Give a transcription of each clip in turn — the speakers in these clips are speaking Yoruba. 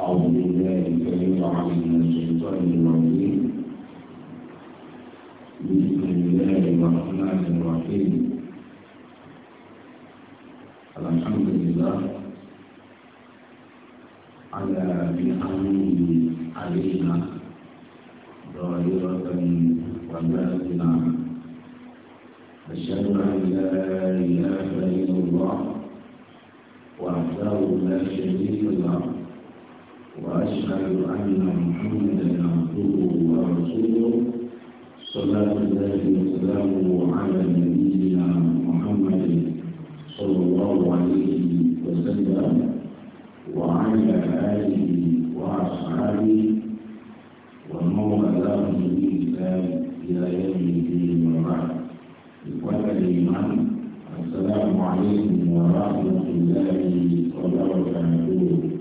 أعوذ بالله السميع العليم من الشيطان الرجيم بسم الله الرحمن الرحيم الحمد لله على بأمره علينا ظاهرة وباطنة أشهد أن لا إله إلا أشهد أن محمدا عبده ورسوله صلاة الله وسلامه على نبينا محمد صلى الله عليه وسلم وعلى آله وأصحابه ومن والاهم بإسلام إلى يوم الدين وبعد إخوة الإيمان السلام عليكم ورحمة الله وبركاته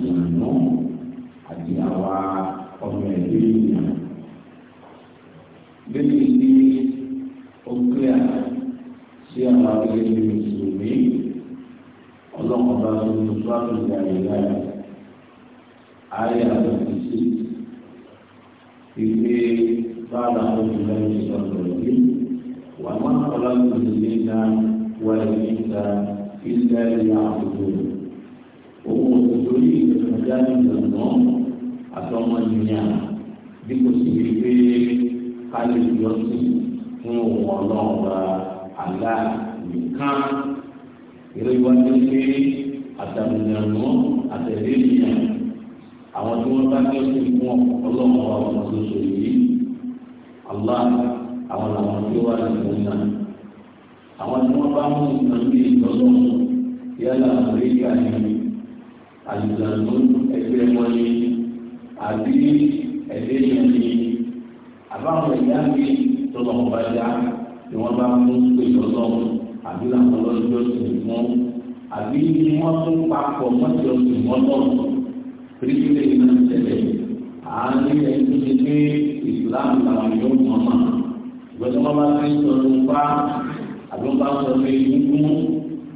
àjẹmọ àti àwa ọmọ ẹgbẹ ènìyàn bẹ́ẹ̀ni ní ọgbẹà sí àwọn akéwì mùsùlùmí ọlọ́pàá bá tó ń tó àtúnyà ìlà ayé àtúntì sí ìgbé bá làwọn ìlànà ìsọ̀rọ̀ yìí wà má kọ́lá tó ń lé náà wà àbúrò kọjá ní ìlànà àtọmọ ìyá bí kò sì rí pé ká lè yọ sí fún òun ọlọ́ọ̀gá àlá nìkan eré iwájú pé àtàmìlànà àtẹ̀lé ìyá àwọn tí wọ́n bá ní ọ̀sẹ̀ fún ọlọ́ọ̀gá ọ̀sán ṣoṣo yìí àlá àwọn làwọn tí wọ́n wà nínú náà àwọn tí wọ́n bá mú nǹkan bí ìtọ́lọ́mù yálà àmì àlùdàlù ẹgbẹ́ wọn ni àbí ẹgbẹ́ yẹn ni àbáwọn ẹ̀yà mi tọ́lọ̀ ọba dá ni wọ́n bá mú pèsè ọlọ́run àbí làwọn ọlọ́jọ́ sì mọ́ àbí ni wọ́n tún papọ̀ mọ́jọ́ sì mọ́ lọ́rùn pírísílẹ̀ náà tẹ̀lé àárín ẹni tó ṣe pé ìsìláàmù làwọn yóò mọ̀ mọ́ ìgbésẹ̀ wọn bá ti sọ̀rọ̀ nípa àbí wọn bá sọ̀rọ̀ pé ikú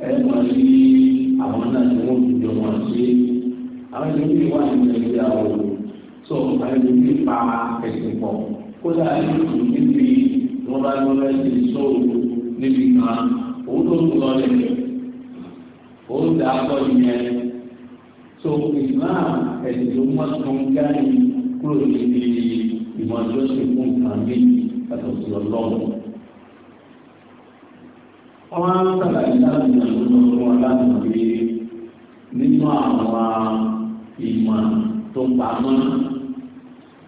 ẹ̀ mọ̀ sí àwọn náà ni wọ́n ti jọ wọn ṣe àwọn ìlú mi wà nínú ẹgbẹ́ àwọn tó àwọn ìlú mi pa ẹ̀sìn pọ̀ kódà ìlú níbi wọn bá lọ ẹsẹ̀ sóòrò níbi kan òun tó ń lọ lẹ̀ òun dà á kọ́ ìyẹn tó ìmáà ẹ̀sìn ló tó ń gáyìn kúrò níbi ìmọ̀ ìjọsìn fún ìkànnì àtọ̀sọ̀lọ́wọ́ wọ́n á sàlàyé láti ìlú wọn láti gbé nínú àwọn ìmọ̀ tó pamọ́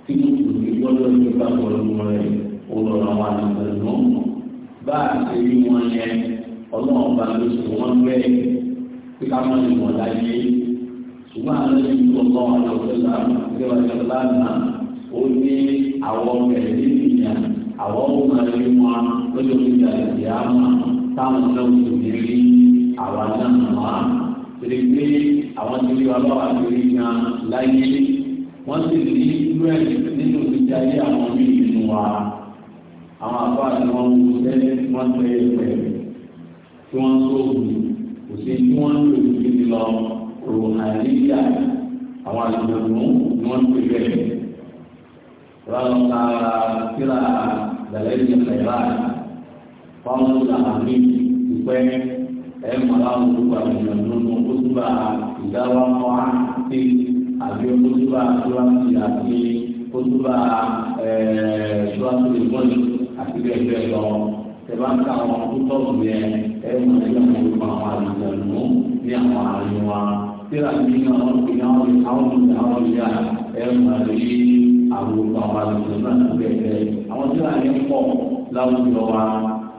tí mo tò ní gbọ́dọ̀ ní gbàgbọ́ lọ́wọ́ rẹ̀ ó lọ ra wà nígbà náà bá a ṣe rí wọn yẹn ọlọ́run bá ló ṣe wọ́n bẹ́ẹ̀ pé ká má lè wọ̀ láyé ṣùgbọ́n àwọn ẹni tó lọ́ àwọn ọ̀sẹ̀lá ìjọba lánàá ó ní àwọn ọmọ ẹ̀ nínú ìyá àwọn ọmọ ẹ̀ nínú wọn lọ́jọ́ ìjà ìyá táwọn náà kò ní rí àwa náà wá torí pé àwọn tó rí wa bá wà lórí gan láyé wọ́n sì ní irú ẹ̀ nínú ìdíje ayé àwọn mí nínú wa àwọn àbá ni wọ́n ń wọlé wọ́n tẹ ẹ̀pẹ̀ tí wọ́n ń sóògùn kò sí tí wọ́n ń lò ní ti lọ ròhàníyà àwọn àlùmọ̀nù ni wọ́n ń pè bẹ́ẹ̀. wọ́n ń ta kíra lẹ́lẹ́dì ìfẹ̀yà báyìí fáwọn tó làwọn àmì ìpẹ́ ẹ̀ mọ̀lá olùkọ́ àmìyàn lónú kótóbà ìdáwà mọ́á sí àbí kótóbà tóláṣì àti kótóbà tóláṣì lèmọ́lì àti bẹ́ẹ̀ bẹ́ẹ̀ lọ tẹ̀bá ń ka àwọn kótóbù yẹn ẹ̀ mọ̀lá yẹn olùkọ́ àwọn àmìyàn lónú ní àwọn àmì wa síra ní àwọn ìyáwó àwọn ìyáwó ìyá ẹ̀ mọ̀lá yìí àwọn olùkọ́ àwọn àmìyàn lónú àti bẹ́ẹ̀ bẹ́ẹ̀ àwọn síra yẹn pọ̀ láwùjọ wa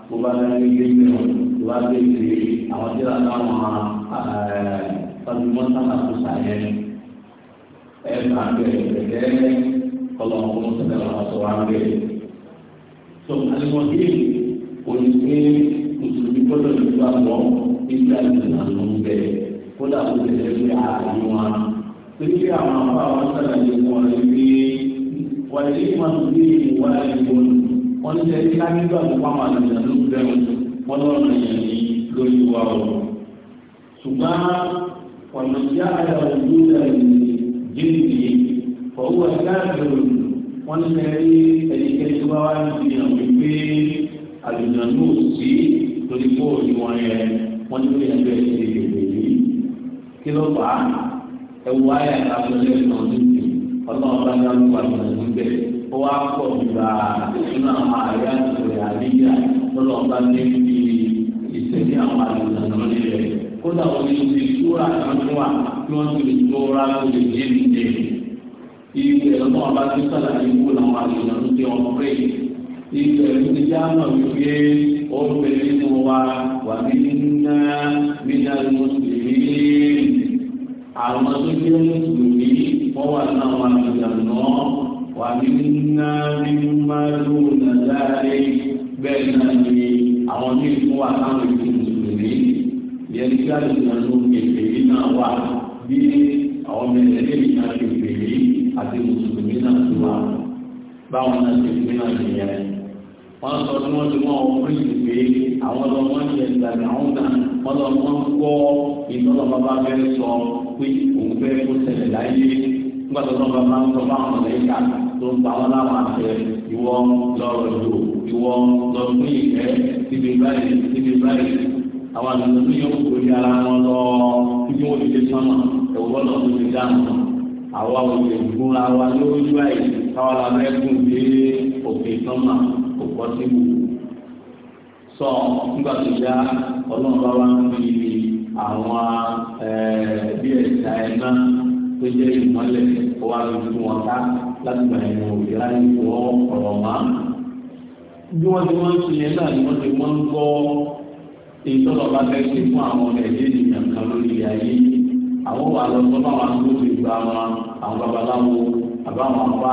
bó bá lẹ́nu ilé ìgbìmọ̀ tó bá gbé ìgbé àwọn tí wọ́n táwọn fagimọ́tà àti sàyẹn ẹ̀ bá bẹ̀rẹ̀ bẹ̀rẹ̀ kọlọ̀ ọ̀hún sọ̀rọ̀ àwọn sọ̀rọ̀ àwọn bẹ̀rẹ̀. tó alimọ̀dé onígbé mùsùlùmí gbọ́dọ̀ nígbà gbọ́ nígbà ìgbìmọ̀ ló ń bẹ̀ kódà kó lè lè ààyè ti ṣe kí á nígbà tó pàmò bẹ̀rù wọn lọ́rùn yẹn ní lórí wa o. ṣùgbọ́n ọ̀nà tí a yà wò ló dà ní jíǹdì ọ̀hún àgbàdo wọn ní ẹni ẹnikẹ́ni tó bá wà ní ìyàn wípé àlùjànnú sí lórí bóòlù wọn yẹn wọn ní lórí ẹgbẹ́ ìṣèlú yìí kí ló fà á ayé àtàkùnlé náà níbi ọlọ́run bá dá lóko àgbọ̀n níbẹ̀ ó wá pọ̀ nígbà nínú àwọn àyà ìṣòro àdéhìá lọ́dọ̀ ọba ní ibi ìsẹ̀mí àwọn àlùfáà náà nílẹ̀ kódà wọn ní ibi ìṣúra kan wà kí wọ́n ti lè tóra kó lè yé mi jẹ. Ibi ẹ̀rọ náà bá ti sàlàyé kó làwọn àlùfáà náà ti wọn pé ibi ẹ̀rọ ti wípé ó bẹ̀rẹ̀ nínú wa wà ní nínú nínú mùsùlùmí. Àwọn tó jẹ́ mùsùlùmí wọ́n wà náà wà náà wà ní nínú nínú máa lò nàdáre bẹ́ẹ̀ náà àwọn ní ìlú wa káwọn ìlú mùsùlùmí yẹn kí àlùfáàlù èdèmí náà wà bí àwọn mẹlẹ́lẹ́ ìyá èdèmí àti mùsùlùmí náà ti wà báwọn náà ti fi náà nìyẹn wọ́n sọ tí wọ́n ti mọ àwọn oríṣi pé àwọn ọmọ ń ṣe ìgbàgbé àwọn náà wọ́n lọ mọ́ ń gbọ́ ìtọ́lọ́ bàbá fẹ́ sọ pé òun fẹ́ kó ṣẹlẹ̀ láyé nígbà tó lọ́ba máa ń sọ fáwọn ọ̀lẹ́yà tó ń pa wọn láwọn àṣẹ ìwọ lọ́rọ̀ ìlú ìwọ lọ́dún síbi báyìí síbi báyìí àwọn àgbàdo ní yóò kó ní ara wọn lọ títí wọn ti dé sọnà ẹwọ bọlọ tó ti dáhùn àwa ò lè gún ara wa lórí báyìí káwa la fẹ́ gùn dé òkè sọnà òkọ síbu sọ nígbà tó yá ọlọ́run bá wá ń àwọn bí ẹ̀ka ẹ̀ná tó jẹ́ ìmọ́lẹ̀ wá lójú wọn ká láti gbà ẹ̀wọ̀n òjò láyé wọ́n ọ̀rọ̀ máa bí wọ́n ti wọ́n ń sùn yẹn náà ni wọ́n ti wọ́n ń gbọ́ ìtọ́lọ̀ bá fẹ́ ṣe fún àwọn ọmọ ẹ̀dẹ́ ènìyàn kan lórí ayé àwọn wà lọ sọ́nà àwọn agbóhùn ìgbà wọn àwọn babaláwo àbáwọn àbá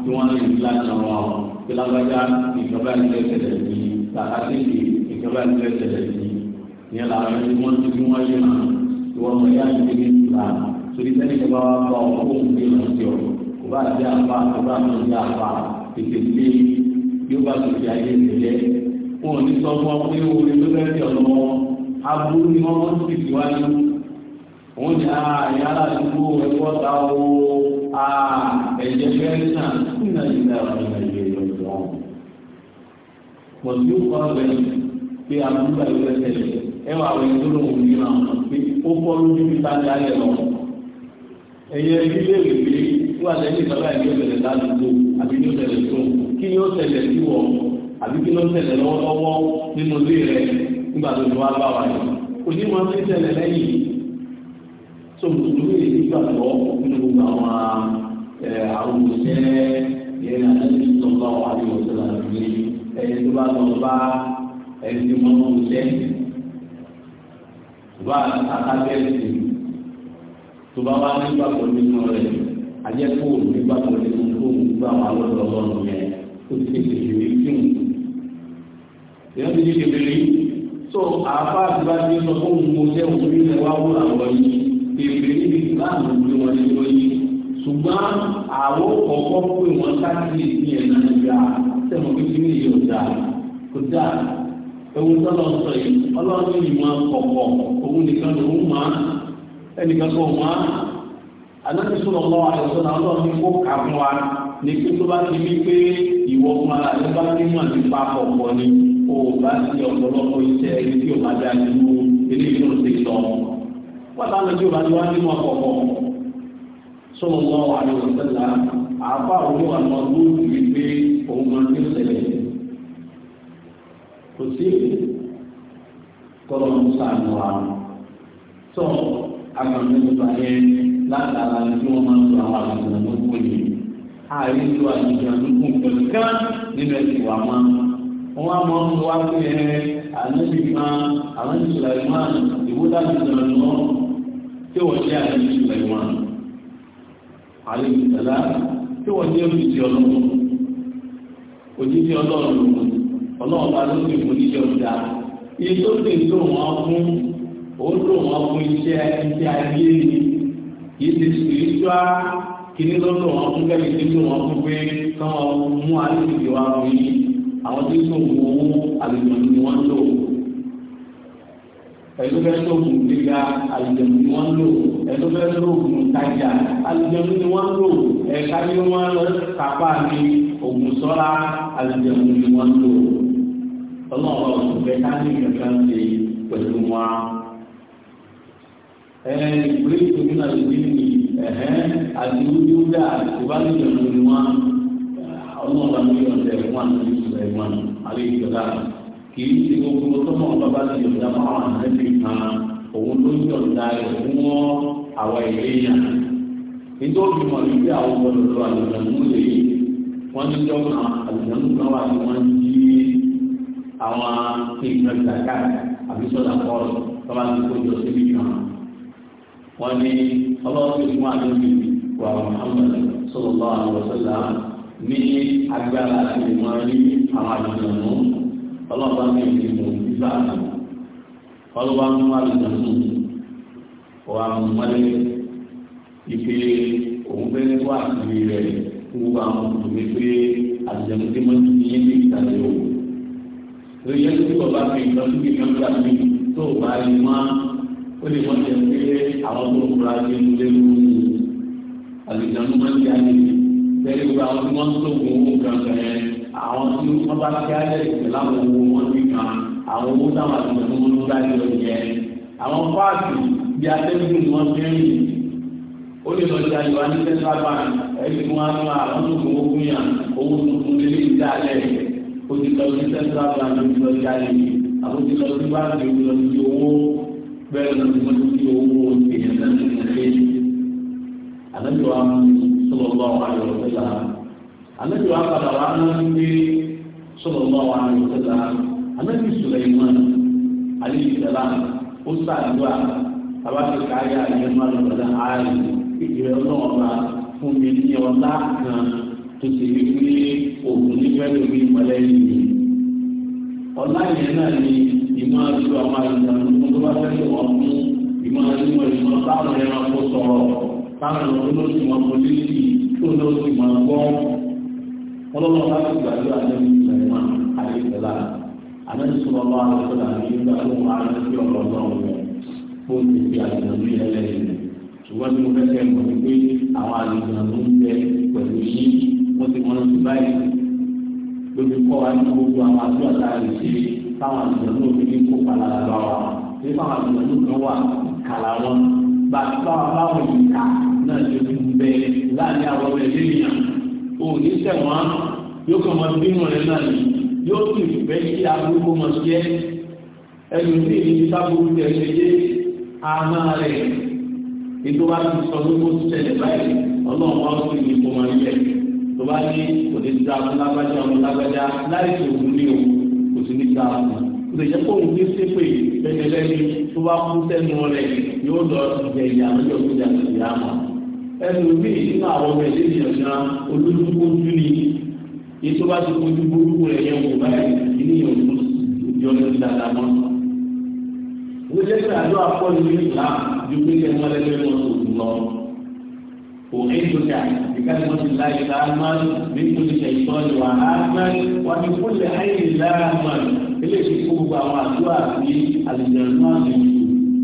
tí wọ́n lè ní láti wọn kí lágbájá ìjọba ìlú ẹ̀sẹ̀lẹ̀ ní làkàtìkì ìjọba ìlú ẹ̀sẹ̀lẹ̀ ní ní làwọn ẹni wọ́n ti fi wọ́n yé wọn tí wọ́n mọ̀ yá ìdílé ní ìlà torí sẹ́ni ìjọba wa bá ọkọ̀ òkú ìrántí ọ̀ kò bá àti àfa kò bá àti àfa ètè yóò bá tó fi ayé ìtẹ̀lẹ́ wọn ò ní sọ fún ọ pé owó tó fẹ́ fi ọ̀nà wọn aburú ni wọ́n ti fi wájú wọn ní ààyè aládùúgbò ẹ̀kọ́ ta o ẹ̀jẹ̀ fẹ́ẹ́ sàn ní nàìjíríà ọ̀nà nàìjíríà ọ̀nà pọ̀jù kọ́ bẹ́ẹ̀ pé aburú àyè tẹ̀lẹ̀ ẹ wà wọ ìdúró òun ní ma pé ó kọ́ lójú mi bá dálẹ̀ lọ ẹ̀yẹ ilé ìwé wà lẹ́yìn ìjọba ìgbẹ́ bẹ̀rẹ̀ ládùúgbò àbí ní ọ̀sẹ̀lẹ̀ tó kí ni ó ṣẹlẹ̀ sí wọ àbí kí ló ṣẹlẹ̀ lọ́wọ́lọ́wọ́ nínú ilé rẹ nígbà tó ti wá bá wa yìí onímọ̀ ti ṣẹlẹ̀ lẹ́yìn tó mùsùlùmí nígbàgbọ́ nínú gbogbo àwọn àwọn òṣìṣẹ́ yẹn àti ìtọ́gbà wà ní ọ̀sẹ̀ làbí ẹni tó bá lọ bá ẹni tó mọ́ òṣìṣẹ́ wá àtàkẹ́sì tó bá wá nígbàgbọ́ nínú rẹ̀ ajẹ́kọ̀ọ́ nígbàgbọ́ nínú èèyàn ti di kékeré so àáfà àdúrà ti sọ fún mo jẹ́ òun ní ẹ̀wá wò àwọn yìí kékeré níbi láàmú gbé wọn ní lóyún ṣùgbọ́n àwọn kọ̀ọ̀kan pé wọn káàkiri ní ẹ̀ náà gbà sẹ́wọ̀n kékeré yìí ò dáa kò dáa ewu tọ́lọ̀ sọ yìí ọlọ́run yìí máa kọ̀kọ̀ òun nìkan ló ń máa ẹnìkan kò máa anábìsọ̀rọ̀ lọ́wọ́ àìsàn ọlọ́run ní kó kà fún wa ní pé tó bá ti wí pé ìwọ fún ara rẹ bá ní mọ̀ nípa kọ̀ọ̀kan ni o bá ní ọ̀pọ̀lọpọ̀ iṣẹ́ ẹni tí o bá dá nínú ilé ìlú ti lọ. wọ́n bá lọ sí ìbájú wá nínú ọkọ̀ọ̀kọ̀ sọ́wọ́n wọn wà ní òṣèlá àbá òun wà lọ lóògùn yìí pé òun máa ń ṣẹlẹ̀. kò sí kọ́lọ́ ń sàánú wa. sọ àgbàdo nípa yẹn látara tí wọ́n máa ń sọ àwọn àgbàdo nípa yẹn. àárín ìlú àjùjọ àdúgbò pẹ̀lú ká nínú ẹ̀sìn wa máa ń wọ́n á mọ fún wa pé ẹ ànábì kan àwọn Sulaiman ìwúdà ti sọ̀rọ̀ lọ tí wọ́n jẹ́ ànábì Sulaiman àlè ìtàlá tí wọ́n jẹ́ òjijì ọlọ́run òjijì ọlọ́run ọlọ́run bá ló ti fún oníṣẹ́ ọ̀dà iye tó lè tó wọn fún ó tó wọn fún iṣẹ́ iṣẹ́ ayé ni kì í ti spiritual kì í lọ́dọ̀ wọn fún kẹ́lí tó wọn fún pé kí wọ́n mú àlejò wa fún yìí àwọn tí tó ń wo àlùjọ̀nù ni wọ́n lò ẹ̀lú fẹ́ lóògùn gíga àlùjọ̀nù ni wọ́n lò ẹ̀lú fẹ́ lóògùn tajà àlùjọ̀nù ni wọ́n lò ẹ̀ka bí wọ́n lọ kápá ní ògùn sọ́ra àlùjọ̀nù ni wọ́n lò ọlọ́run ọ̀sùn fẹ́ kankan ṣe pẹ̀lú wọn. ìpínlẹ̀ ìtòkí náà ló dé ní àti ojú dá ìbánidọ̀nù ni wọ́n ọlọ́run àti ìyọ̀ǹtẹ̀ fún àtúntò Sulaiman alayhi salam kì í ṣe gbogbo tó mọ̀ bàbá ti yọ̀ǹda fún àwọn àtẹ́bí kan òun ló ń yọ̀ǹda rẹ̀ fún àwọn èèyàn nítorí mọ̀ ní bí àwọn ọmọdé lọ àlùjànnú lè wọ́n ní jọ́nà àlùjànnú kan wà tí wọ́n jí àwọn nǹkan ìdàkà àbí sọ́dà pọ́ọ̀lù tọ́lá ti kó jọ síbi kan wọ́n ní ọlọ́ọ̀tì fún àdébì wà Muhammad sallallahu alaihi wasallam ní agbára àti ìmọ̀ níbi àwọn àjọ̀nù ọlọ́ọ̀bá ní ìlú ìlú ìgbà àná ọlọ́wà mú àjọ̀nù ọ̀wà mú wọlé ìpè òun fẹ́ wá àkìrí rẹ̀ fún gbogbo àwọn òṣèlú pé àjọ̀nù tí wọ́n ti yé ní ìtàlẹ́ o. lórí yẹn tí bàbá mi ìtọ́jú mi kan gbà mí tó bá rí mọ́ ó lè wọ́n jẹ pé àwọn tó ń fura jẹ́ ń lé lórí àjọ̀nù máa ń jáde bẹ́ẹ̀ ni gbogbo àwọn tí wọ́n ń tó gbogbo kankan yẹn àwọn tí wọ́n bá ti ayé ìpè láwọn owó wọn ti kan àwọn owó táwọn àti ìpè wọn ló dájú ọ̀jẹ́ àwọn fáàkì bí atẹ́gùn ni wọ́n ti rìn ó lè lọ ja ìwà ní central bank ẹni tí wọ́n á mú àwọn tó fún ogún yàn owó tuntun lélẹ́ ìdálẹ́ ó ti lọ sí central bank ó ti lọ ja ìlú àwọn ti lọ sí báńkì ó ti lọ sí owó bẹ́ẹ̀ lọ sí owó èèyàn náà ti àlejò àwọn sọlọ́gbà ọ̀hánà ọ̀sẹ̀ yàrá anabi wa padà wà ánú ní sallallahu alaihi wasallam anabi Sulaiman alayhi salam ó sàdúrà abáṣe káyà ìyẹn máa lọ pẹ̀lú ààrẹ ìgbìyànjú ọlọ́wọ́ bá fún mi ní ọlá kan tó ti rí pé òògùn nífẹ̀ẹ́ lórí ìmọ̀lẹ́ yìí ọlá yẹn náà ni ìmọ̀ àdúgbò àwọn àìsàn tó tó bá fẹ́ lò wọ́n fún ìmọ̀ àdúgbò ìmọ̀ táwọn ẹranko sọ̀rọ̀ táwọn ẹranko ló sì mọ̀ pọ̀lìsì tó ló sì mọ̀ gbọ́n ọlọ́run bá ti gbàdúrà lẹ́nu ìgbàlùmọ́ àdéhùnlá àdéhùnlá bá wà lọ́sọ̀rọ̀ àti nígbà tó wà lọ́sí ọ̀rọ̀ ọlọ́run rẹ̀ kó o ti fi àdéhùnlá ẹlẹ́yìn ṣùgbọ́n tí mo fẹ́ kẹ́ mọ̀ ní pé àwọn àdéhùnlá ló ń bẹ pẹ̀lú yí wọ́n ti wọ́n ti báyìí lóbi kọ́ wa ní gbogbo àwọn àdúrà láàrin ṣe táwọn àdéhùnlá ló fi kó palára bá wa ṣé táwọn àdéhùnlá ló wà kàlà wọn bàtà báwọn ìka náà ṣe ń bẹ láàrin àwọn ẹlẹ́yìn o ní sẹ̀wọ́n yóò kàn máa bínú rẹ̀ náà ni yóò sì fẹ́ kí agbóko máa jẹ́ ẹnu tí èyí ti sábúrú rẹ̀ ṣe dé àmà rẹ̀ ètò wa ti sọ pé kó ṣẹlẹ̀ báyìí ọlọ́run wa sì ní kó máa yẹ tó bá ní kò ní da fún lágbájá ọmọ lágbájá láì tó òun ní o kò sì ní da fún un kò sì jẹ́ kó òun ní sépè lẹ́nu tó bá kú sẹ́nu rẹ̀ yóò lọ sí ìyá ẹlòmí nínú àwọn ọmọ ẹ̀dẹ́ ènìyàn gan olójúkójú ni ètò bá ti kojú burúkú rẹ̀ yẹn wò báyìí ènìyàn tó yọ ní dáadáa mọ́. wọ́n jẹ́ pé àjọ àpọ́lù ní ìlà ju pé kẹ́ wọ́n lẹ́gbẹ́ wọn tó dùn lọ. òní ìtòkà ìka ni wọ́n ti la ìta máa ní kúlì ẹ̀tọ́ ni wà á máa wà ní kúlì ayé lára máa eléyìí kó gbogbo àwọn àdúrà àti àlùjẹ̀rù máa ń lò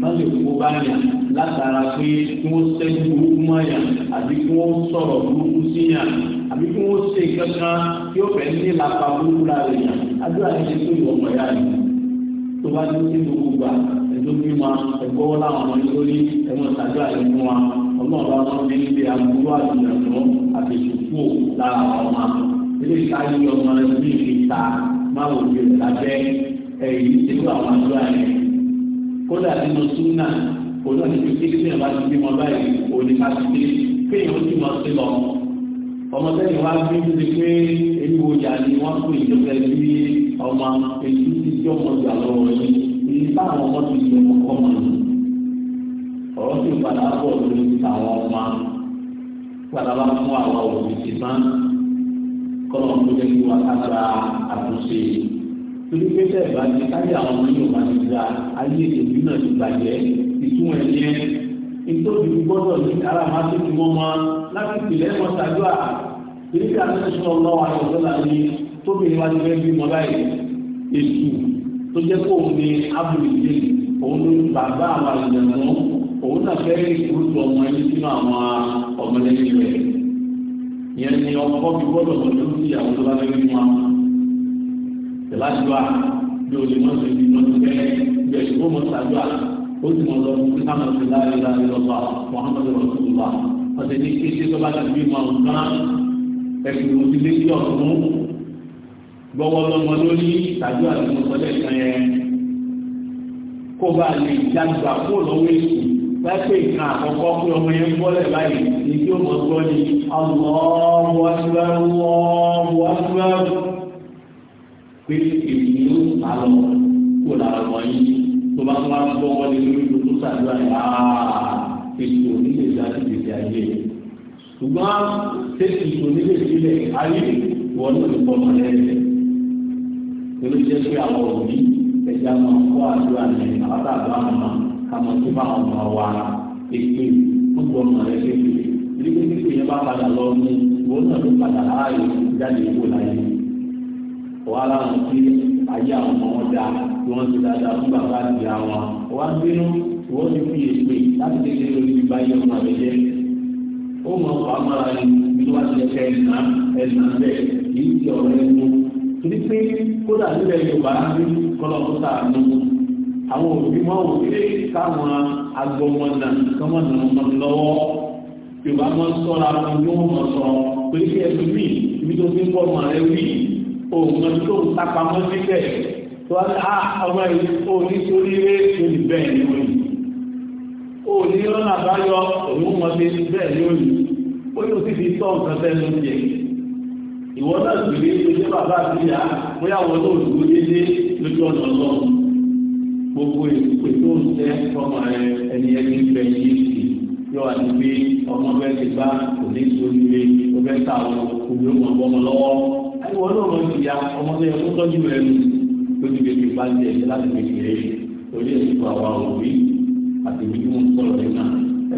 má lè kó bá yàn látara pé kí wọ́n sẹ́jú burúkú mọ́yà àbí kí wọ́n sọ̀rọ̀ burúkú síyàn àbí kí wọ́n ṣe kankan tí ó fẹ́ ní lápá burúkú lára yàn àdúrà ní ṣe tó ìwọ̀n mọ̀yà ni tó bá ní sí gbogbo gbà ẹ̀dọ́ bí ma ẹ̀gbọ́ láwọn ọmọ lórí ẹ̀wọ̀n ṣàdúrà yìí fún wa ọlọ́run bá wọn ní ilé aburú àdúrà àtẹ̀sùkú lára ọmọ kódà nínú súnà òun náà ní ju kí kíkẹ́ bá ti bímọ báyìí òun ní ká ti dé kéèyàn ó ti mọ̀ sí lọ. ọmọ sẹ́yìn wá bí ó ti pé èmi wo jà ni wọ́n pè é lọ́sẹ̀ sí ọmọ èyí ti tí ọmọ jà lọ́wọ́ rẹ̀ ní báwọn ọmọ ti di ọmọ kọ́ mọ̀ ní. ọ̀rọ̀ sì padà bọ̀ lórí àwọn ọmọ padà bá fún àwọn òbí ti máa kọ́nà tó jẹ́ kí wọ́n kára àtúnṣe torí pé tẹ̀ bá ti káyọ̀ àwọn ọmọ yóò máa ti gba ayé ìdòbí náà ti bàjẹ́ ìtumọ̀ ẹ̀ yẹn nítorí gbọ́dọ̀ ní ara máa tó ti mọ́mọ́ láti tìlẹ̀ ẹ̀kọ́ sàdúrà èyí ká ló ń sọ lọ́wọ́ àyọ̀dọ́là ni tóbìnrin wá ti fẹ́ bí mọ́ báyìí èṣù tó jẹ́ kó òun ní abúlé òun ló ń bàbá àwọn àlùjẹ̀mọ́ òun náà fẹ́ ìkúrútù ọmọ ẹni sínú àwọn ọmọlẹ́yìn rẹ̀ ìyẹn ni ọkọ fi gbọ́dọ̀ tọ́jú sí àwọn tó bá fẹ́ bí wọn. ìlàjúwa bí olè mọ́tò ìdí mọ́tò fẹ́ bẹ̀rù ó mọ́tò àjọ àlọ́ ó sì mọ̀ lọ sí ká máa fi láàyè láàyè lọ́wọ́ Muhammadu Rasulullah ọ̀sẹ̀ ní kí ṣe tó bá ti bí máa ń kán ẹ̀sìn mo ti lé sí ọ̀tún gbọ́wọ́ lọ́mọ lórí tàbí àdúgbò sọ́jọ́ ìkan yẹn kó bá lè jágbà kó lọ́wọ́ èsì láti ìkan àkọ́kọ́ pé ọmọ yẹn bọ́lẹ̀ báyìí ní tí ó mọ̀ gbọ́ tó bá tó bá tó bọ́ wọlé lórí tó tó sàdúrà yà á ah, ètò onílé láti gbèsè ayé ṣùgbọ́n tẹ́sí onílé sílẹ̀ ayé wọ́n ló ti pọ̀ mọ́lẹ́ rẹ̀ torí jẹ́ pé àwọn òbí ẹ̀jẹ̀ máa ń kọ́ àdúrà ní àbátàgbà àmà kàmọ́ tó bá wọn máa wà ètò gbogbo ọmọ rẹ̀ kékeré nígbà tí bá padà lọ ní ìwọ náà ló padà láàyè jáde ìwò láyé wàhálà wọn ayé àwọn ọmọ wọn dáa tí wọ́n ti dáadáa fún bàbá àti àwọn wọ́n á bínú wọ́n ti fi èpè láti tètè lórí bíbá yẹ ọmọ rẹ jẹ́ ó mọ pàmòrà ni bí wọ́n ti lẹ́kẹ́ ẹ̀nà ẹ̀nà bẹ́ẹ̀ kì í ti ọ̀rọ̀ ẹ̀kú torí pé kódà nílẹ̀ Yorùbá ní kọlọ́kọ́tà nù àwọn òbí wọn ò dé káwọn agbọmọdà kọmọdà ọmọ lọ́wọ́ Yorùbá mọ sọ́ra fún bí wọ́n mọ sọ pé kí ẹ̀sùn mí ibi tó fi ń bọ́ ọmọ rẹ wí òun tó ń tapamọ́ síbẹ̀ tó wá á ah, ọmọ yìí ó ní torí rẹ̀ tó bẹ́ẹ̀ ni ó ní ó ní lọ́nà àbáyọ òun mọ̀ sí bẹ́ẹ̀ ni ó ní ó yóò sì fi tọ́ nǹkan sẹ́nu jẹ ìwọ náà sì rí ojú bàbá àti ìyá bóyá wọn náà lójú ọ̀nà gbogbo ìpè tó ń tẹ ọmọ ẹni ẹni bẹ tí wọn náà wọn ti ya ọmọ tó yẹ kó tọ́jú rẹ nù lójú bá ń tẹ̀lé láti gbèsè rẹ yìí torí àwa òbí àti ibi tí sọ̀rọ̀ nígbà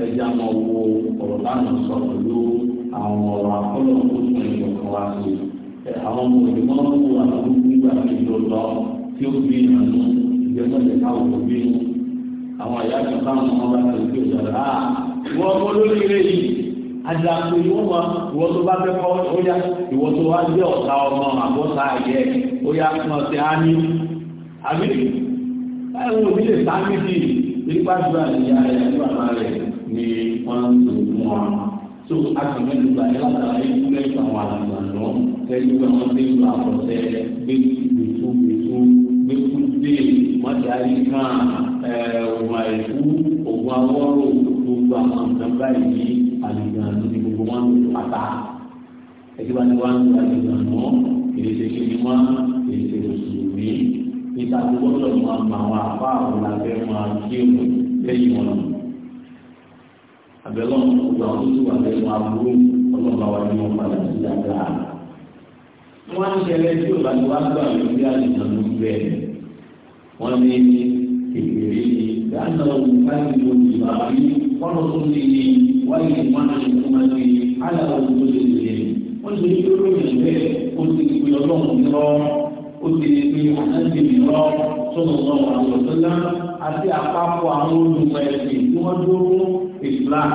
ẹja máa wo ọ̀rọ̀ lánà sọ pẹ̀lú àwọn ọ̀rọ̀ akọ́lọ̀ tó fún ẹ̀yọ̀ kan wá sí àwọn ọmọ òbí wọn kó àdúgbò nígbà tí ó lọ tí ó bí ìrànú ìgbẹ́sọ̀tẹ̀ káwọn òbí àwọn àyájọ káwọn ọmọ bá tẹ̀lé àdàpọ̀ ìwọ ma ìwọ tó bá fẹ́ kọ́ ó yá ìwọ tó wá jẹ́ ọ̀tá ọmọ àbọ̀tá ayẹ ó yá mọ̀ sí ámì àbí ẹ̀rùn òbí lè sáámi sí nígbàdúrà ìyá rẹ̀ àti bàbá rẹ̀ ni wọ́n ń lò fún wa tó àtìmẹ́lú gba ẹ̀ látara ikú lẹ́yìn àwọn àgbà lọ lẹ́yìn pé wọ́n ti ń lo àkọsẹ́ gbẹ́tú gbẹ́tú gbẹ́tú dé mọ́tàrí kan ẹ̀ẹ́dùn àìkú ògùn awọ́rò gbogbo àwọn nǹkan báyìí àlejò ní gbogbo wọn ló pátá ẹgbẹ́ wọn ni wọn ló àlejò àná èdè kìíní wọn èdè mùsùlùmí níta gbogbo tó ní wọn mọ àwọn àbá àwọn lábẹ́ wọn kí èmù lẹ́yìn wọn. àbẹ̀lọ́ gbogbo àwọn tó ti wà lẹ́yìn wọn aburú ọlọ́ba wa ni wọn padà sí dáadáa. wọ́n ń ṣẹlẹ̀ tí ò bá ti wá gbà lórí àlejò àná bẹ́ẹ̀ wọ́n ní kékeré ni dáná òun ká ní ìlú ìbàdí wọ́n lọ sórí ní wáyé ìmọ̀nà ìmọ̀nà aláwọ̀ tó lè lè ó lè ní lórí ìyẹn bẹ́ẹ̀ ó ti pè ọlọ́run lọ ó ti pè ànájì mi lọ sọ̀rọ̀ sọ̀rọ̀ àlọ́sọ́lá àti àpapọ̀ àwọn olùkọ́ ẹ̀sìn tí wọ́n dúró Islam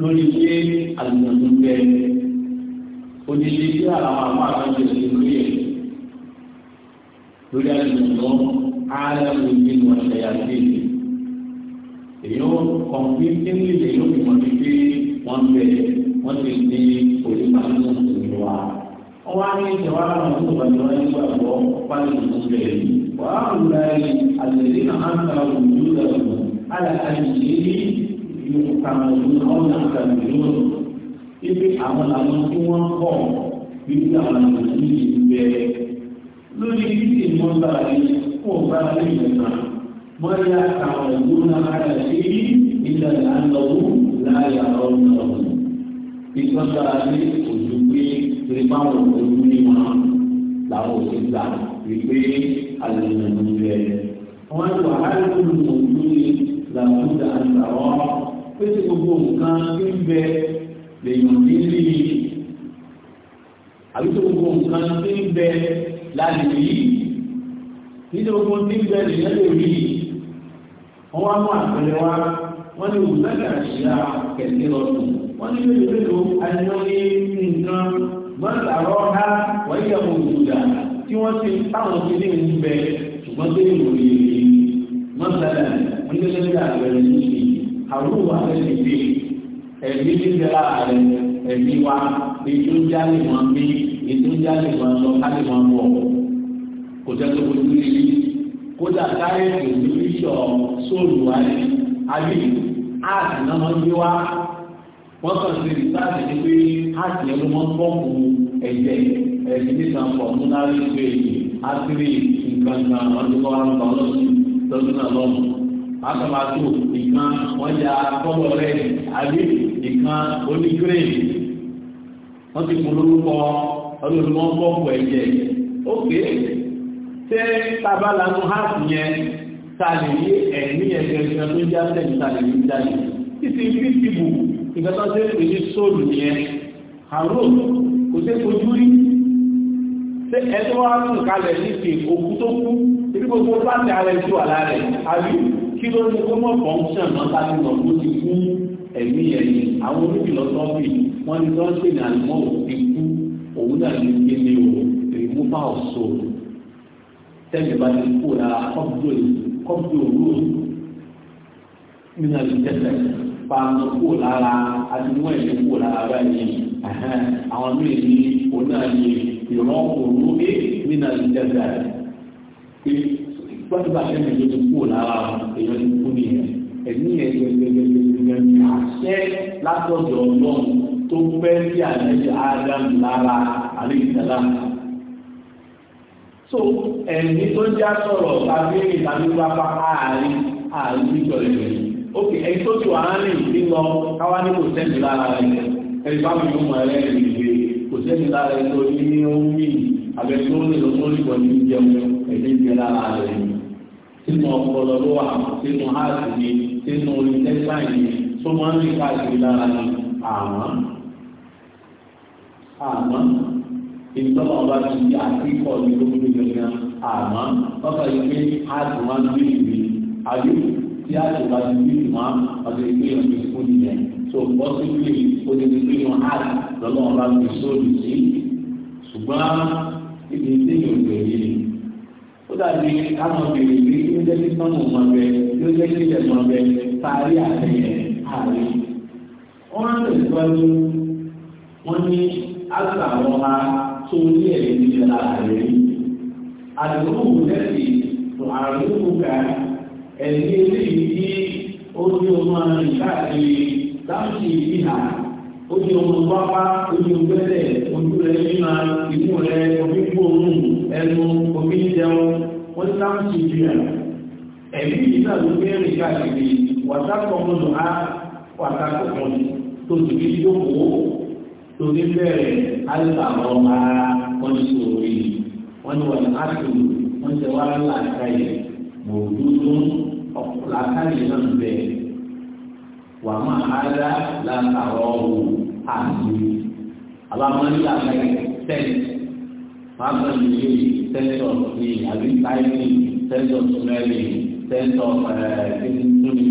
lórí pé àlùmọ̀tò bẹ́ẹ̀ onílé tí àwọn àwọn àgbàjọ lórí ẹ̀ lórí àlùmọ̀tò ààrẹ òyìnbó ọ̀sẹ̀ yàtọ̀ èyí ó kọ̀ǹpí tẹ́lẹ̀ èyí ó fi mọ̀ ní pé wọ́n bẹ̀ wọ́n ti di òṣìṣẹ́ àwọn òṣèlú wa. wọ́n wá ní ìjọba àwọn olùkọ́ tí wọ́n ń gbàgbọ́ pálí ìdúgbò rẹ̀ yìí. wàá wùdà yìí àtẹ̀lé náà ń ta òwúrú lẹ́nu àlà àyè yóò ta òwúrú ọ̀hún àti àgbèrú. ibi àwọn àwọn tí wọ́n kọ̀ bíbí àwọn àgbèrú yìí bẹ̀rẹ̀ lórí títì mọ́tàlá yìí kó o ولا يعملون على شيء إلا أنهم لا يرونه ìtọ́jú ayé òjò pé tìrìbá wọn kò ní ní wọn làwọn òsì gbà wípé àlejò ń bẹ. wọ́n lọ àìkúrú òjò ní làbúdà àgbàwọ́ pé tí gbogbo nǹkan ti ń bẹ lèèyàn ní rí i àbí tí gbogbo nǹkan ti ń bẹ láti rí i nítorí gbogbo ti ń rí i wọ́n wá mú àpẹẹrẹ wá wọ́n ní òwúlẹ́gà ìyá kẹ̀kẹ́ lọ́dún wọ́n ní bíbí mélòó ayọ́ ní nǹkan mọ́tàrọ́ ha wọ́n yẹ kó gbòdà tí wọ́n ti táwọn ti ní ìlú bẹ ṣùgbọ́n tó yẹ wòlé mọ́tàrà wọ́n yẹ kó àgbẹ̀rẹ̀ níbi àwòrán wà lẹ́sìn bí ẹ̀mí níbi ààrẹ ẹ̀mí wa ètò jálè wọn bí ètò jálè wọn lọ kálè wọn bọ̀ kò jẹ́ tó kó kódà káyọ̀dé ní bíṣọ̀ sóòlù wáyé àbí áàtì náà máa ń gbé wá wọ́n kàn sí rìsáàtì ní pé áàtì yẹn ló máa ń pọ́ǹpù ẹ̀jẹ̀ ẹ̀sìn nìkan pọ̀ tó náà rí pé ásírì nǹkan kan wọ́n ti kọ́ wá ń gbà ọlọ́sìn lọ́dún náà lọ́mù akamato nǹkan wọ́n ya kọ́lọ̀ rẹ̀ àbí nǹkan onígírèdì wọ́n ti fún lórúkọ ọlọ́run wọn pọ́ǹpù ẹ̀jẹ̀ ókè tẹ́ tàbálà mú háàpù yẹn tààlè yé ẹ̀mí ẹgbẹ̀rẹ̀ tó jáde tààlè yé jáde títí fífìbù ìgbàtọ́ tẹ́ pè ní sóòlù yẹn àrùn kò tẹ́ fojú rí tẹ́ ẹ̀tọ́ wá ń kalẹ̀ ní ti òkú tó kú ibi gbogbo láti ara ẹjú àlá rẹ̀ àbí kí ló ní kó mọ̀ fọ́nkṣọ̀n náà láti lọ tó ti kú ẹ̀mí ẹ̀yìn àwọn onífìlọ́sọ́fì wọ́n ní tó ń pè ní àlùmọ́ òkú òun náà ní kéde òun rìmúfà ọ̀ṣọ́ tẹ́lẹ̀ bá ti kó lára kọ́bùdó yìí kọ́bùdó òwúrò nínú àlùjẹ́sẹ̀ pàmò kó lára adigun ẹ̀mí kó lára báyìí àwọn míì ní oní àyè ìrọ̀ òru é nínú àlùjẹ́sẹ̀ pé gbọ́dọ̀ bá tẹ́lẹ̀ ló ti kó lára èèyàn ti kú nìyẹn ẹ̀mí yẹn gẹ́gẹ́gẹ́gẹ́gẹ́ ní àṣẹ látọ̀dọ̀ ọlọ́run tó fẹ́ sí àlejò ádámù lára àlejò so ẹ̀mí tó já sọ̀rọ̀ tàbí ìtàbí pápá ààrin ààrin ìjọ ìrìn ok ẹni tó ti wà á rìn sí lọ káwá ní kò sẹ́mi lára rẹ̀ ẹni bá mi yóò mọ̀ ẹ̀rẹ́ rìn gbé kò sẹ́mi lára rẹ̀ tó ní omi àbẹ̀ tó lè lọ tó lùkọ́ ní jẹun ẹ̀mí jẹ lára rẹ̀ sínú ọpọlọ ló wà sínú háàsì ni sínú ìtẹ́sán ni tó máa ń rìn káàkiri lára ni àmọ́ àmọ́ ìtọ́nà ọba ti di àkíkọ́ ní gbogbo ìgbẹ̀gbẹ̀ àmọ́ ọkọ̀ yìí pé àdùn wa ń bí ìwé àbí tí àdùn wa ti bí ìwọ̀n ọdún ìgbé ìwọ̀n ti fún ìyẹn tó bọ́ sí pé odò ti gbé wọn àdì lọ́nà ọba ti sóòlù sí ṣùgbọ́n ibi tí yóò gbèrè ni ó dàbí káwọn béèrè pé yóò jẹ́ kí sọ́nù mọ́ bẹ yóò jẹ́ kí ilẹ̀ mọ́ bẹ parí àtẹ̀yẹ àrí wọ́n á tẹ̀síwájú wọ́n ní àgbà wọn máa tó ní ẹ̀rí ní ààrẹ yìí àdúgbò lẹ́sì tó àdúgbò ká ẹ̀rí eléyìí ní ó ní ọmọ rìn káàkiri láti ìhà ó ní ọmọ pápá ó ní ọgbẹ́lẹ̀ ojú rẹ̀ nínú ìmú rẹ̀ omi gbóòórùn ẹnu omi jẹun wọ́n láti ìhà ẹ̀rí ìgbà ló gbé rìn káàkiri wàtá kọ̀ọ̀mọ́nù á wàtá kọ̀ọ̀mọ́nù tó sì fi jókòó torí bẹ́ẹ̀ alùpà wọn bá wọn ní sòrò yìí wọn ní wọn àtò wọn ti wá láàká yìí mò ń dúdú láàká yìí náà bẹ̀ wà má ara láàká ọ̀hún àti àbámọ́lé láàká yìí tẹ́lẹ̀ wọ́n á bọ̀ ní àbí táìlì tẹ́lẹ̀ tùmẹ́lì tẹ́lẹ̀ ẹ̀ẹ́dẹ́gbẹ́ni.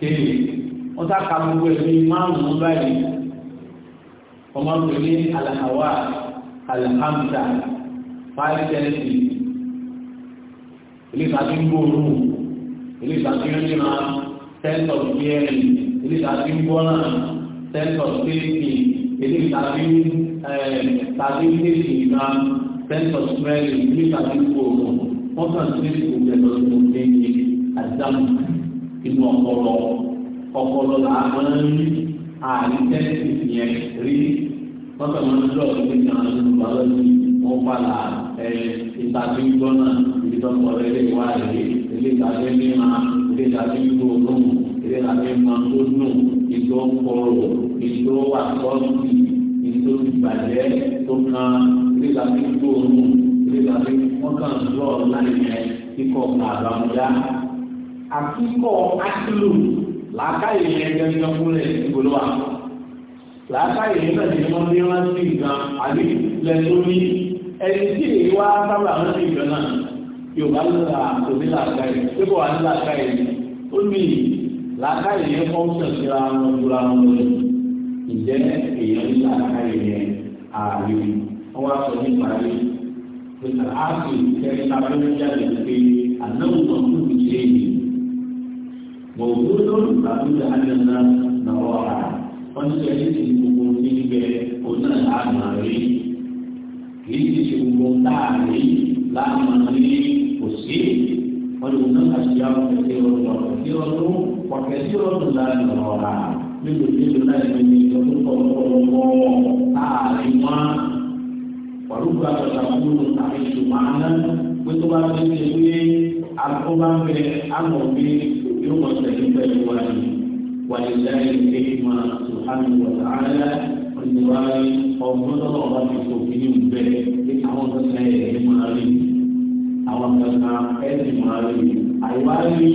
kéde wọ́n sá ka gbogbo ẹ̀mí márùn-ún báyìí ọmọ pè ní alahawa alhamsa five thirty ilé ìtàgé ń gbòòrò ilé ìtàgé ń rìnà sense of hearing ilé ìtàgé ń gbọ́nà sense of safety ilé ìtàgé ń eh, tàgé ń tètè ìgbà sense of smelling ilé ìtàgé ń gbòòrò wọ́n kàn sí ìgbòkè lọ́sọ̀rọ̀ ní àdámù inú ọpọlọ ọpọlọ làwọn rí àríkẹ́sì yẹn rí lọ́sọ̀ máa ń lọ sí ìtàn yorùbá lọ́sí wọn padà ẹ ìtàkùn gbọ́nà ìdíjọpọ̀ rẹ̀ lè wá èyí ilé ìtàkùn ní ma ilé ìtàkùn tó lóhùn ilé ìtàkùn máa tó dùn ìtò kọrò ìtò àkọ́sì ìtò ìbàjẹ́ tó kan ilé ìtàkùn tó lóhùn ilé ìtàkùn wọn kàn lọ láì yẹn kíkọ́ àbámúdá àkíkọ́ ákílù làákàyè yẹn gẹ́gẹ́ fún rẹ̀ ìgbòló wa làákàyè yẹn náà ní wọ́n ní wọ́n sí nǹkan àbí lẹ́nu ní ẹni tí èyí wá sábà wọn sí nǹkan náà yorùbá lọ́la kò ní làákàyè pépọ̀ wà ní làákàyè ó ní làákàyè yẹn kọ́ sàn síra wọn jura wọn lọ ìjẹ́ èèyàn ní làákàyè yẹn ààrẹ wọn wá sọ nípa rẹ̀ pé àásì kẹrin abẹ́rẹ́ jáde pé àdáwò náà mọ̀wúlò àbúrò àjọyọ̀ náà wà. wọ́n ti sọ yìí ti gbogbo níbẹ̀ ọ̀nà àmà rí kì í ti ṣe gbogbo táàrí láàmà rí kò sí. wọ́n lè wọ́n náà ṣe àwọn kẹ̀kẹ́ ọ̀dọ̀ kẹ̀kẹ́ ọdún kọ̀kẹ́sí ọdún láàmà wà. nígbà tí ó náà ṣe ní ọdún kọ̀ọ̀kọ̀ táàrí wọn. wàlúùkọ́ àtọ̀tà kúrò àìsùn máa pé tó bá ti ṣe pé akọ́bá ń bẹ àmọ̀ bíi yóò mọ̀ sẹ́yìn pẹ̀lú wa ni wàlíláyé ẹ̀kìmá sùhánù wàtàlá ọ̀nìwáyé ọ̀gbọ́n tó lọ́wọ́ ti tó fi ní ìgbẹ́ ní àwọn kankan ẹ̀ ẹ̀ máa rí àwọn kankan ẹ̀ sì máa rí àìwá rí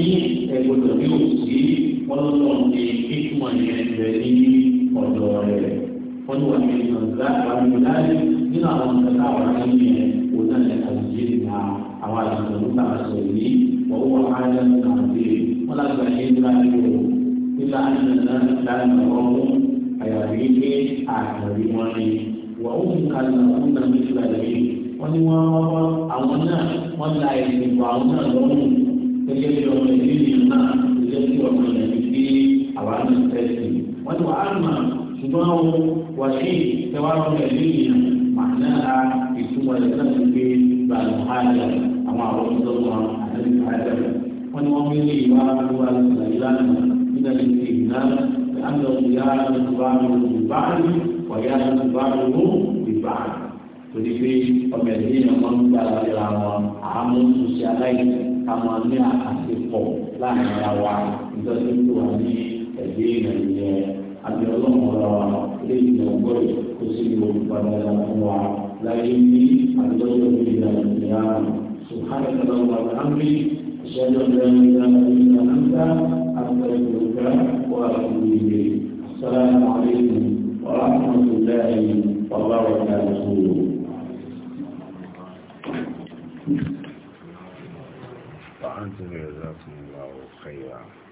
ẹ̀gbọ́dọ̀ ní òsì ọlọ́dọ̀ ní ẹ̀kìmá yẹn bẹ̀ ní ọ̀dọ̀ rẹ̀ wọ́n ní wàlíláyé nínú àwọn kankan àwọn akéwì yẹn wọ́n náà ní àwọn àwọn àlùfáà ló bá a sọ̀rọ̀ yìí wọ́n wọ́n á yára ní àwọn àbẹ̀rẹ̀ ولا تعيد بعده إلا أن الناس كانوا حياته أعتبر وعي وأوفي قال لهم مثل ذلك ونوارا أولا ولا يجب أولا لهم تجد يوم الدين الماء تجد يوم الدين أولا تجد ونوارا سبحانه وشيء توارا الدين معناها في سورة الأنبياء بعد حاجة أما رسول الله عليه وسلم wọ́n ní wọ́n fi lè wá lọ́wọ́ àlùfáà ìlànà nígbà tí ó ti ìlànà àlọ́ ìyá àlùfáà ìbáàlú ọ̀yá àlùfáà ìbáàlú torí pé ọmọ ẹ̀mí yẹn wọ́n ń gbà lára wọn àmọ́ ṣoṣe aláìsí àmọ́ ní àkàṣepọ̀ láàrin ara wa ìtọ́jú tó wà ní ẹ̀mí yẹn yẹn wa lè ní ọgbọ́n kó sì ní olùpadàdà fún wa láyé ní àdúgbò ìlànà ìlànà sùhánà ìlànà ìlànà أشهد أن لا إله إلا أنت أستغفرك وأتوب إليك السلام عليكم ورحمة الله وبركاته وأنتم جزاكم الله خيرا